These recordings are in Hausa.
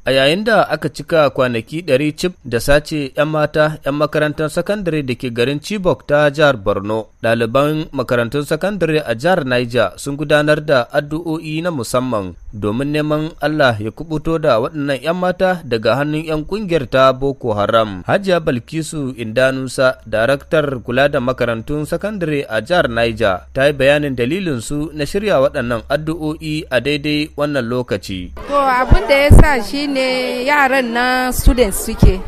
A yayin da aka cika kwanaki ɗari cif da sace 'yan mata 'yan makarantar sakandare da ke garin Chibok ta jihar Borno, ɗaliban makarantun sakandare a jihar Niger sun gudanar da addu'o'i na musamman domin neman Allah ya kubuto da waɗannan 'yan mata daga hannun 'yan ƙungiyar ta Boko Haram. Hajiya Balkisu Indanusa, daraktar kula da makarantun sakandare a jihar Niger, ta yi bayanin dalilin su na shirya waɗannan addu'o'i a daidai wannan lokaci. To abin da ya sa shi ne yaran na students suke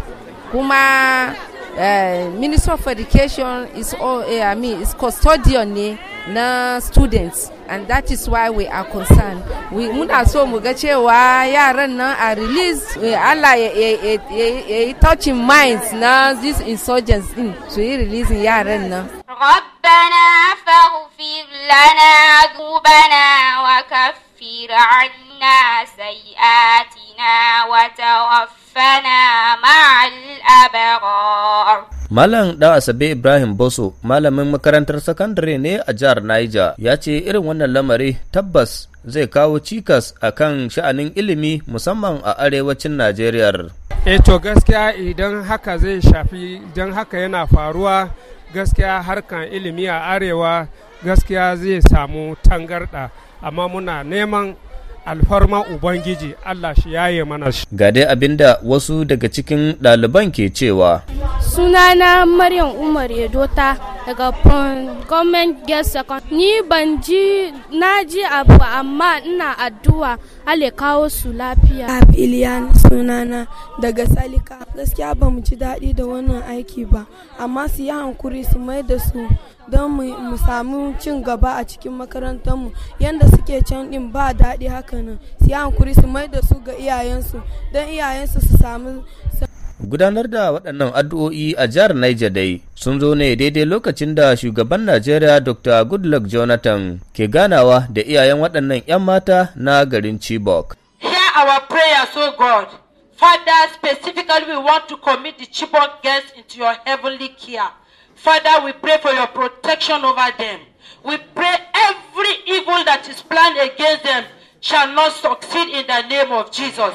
kuma eh, minister of education is all eh, i mean is custodian ne na students and that is why we are concerned we muna so mu ga cewa yaran nan a release eh, Allah ya yi touching minds na these insurgents din su yi releasing yaran nan ربنا فاغفر لنا ذنوبنا وكفر عنا سيئات وتوفنا مع الأبرار Malam ɗan Asabe Ibrahim Boso, malamin makarantar sakandare ne a jihar Niger, ya ce irin wannan lamari tabbas zai kawo cikas a kan sha'anin ilimi musamman a arewacin Najeriya. E to gaskiya idan haka zai shafi idan haka yana faruwa gaskiya harkan ilimi a arewa gaskiya zai samu tangarɗa amma muna neman alfarma ubangiji allah shi yaye mana shi ga dai abinda wasu daga cikin ɗaliban ke cewa sunana maryam umar yedota daga government girls second ni ban ji na ji abu amma ina addu'a ale kawo su lafiya iliyan sunana daga salika gaskiya ba mu ji daɗi da wannan aiki ba amma su yi hankuri su mai da su don mu samu cin gaba a cikin makarantar makarantarmu yadda suke can din ba daɗi hakanan su yi hankuri su mai da su ga iyayensu don iyayensu su samu Gudanar da waɗannan addu'o'i a jihar Niger dai sun zo ne daidai lokacin da shugaban Najeriya Dr. Goodluck Jonathan ke ganawa da iyayen waɗannan 'yan mata na garin Chibok. Hear our prayers, O God. Father, specifically we want to commit the Chibok girls into your heavenly care. Father, we pray for your protection over them. We pray every evil that is planned against them shall not succeed in the name of Jesus.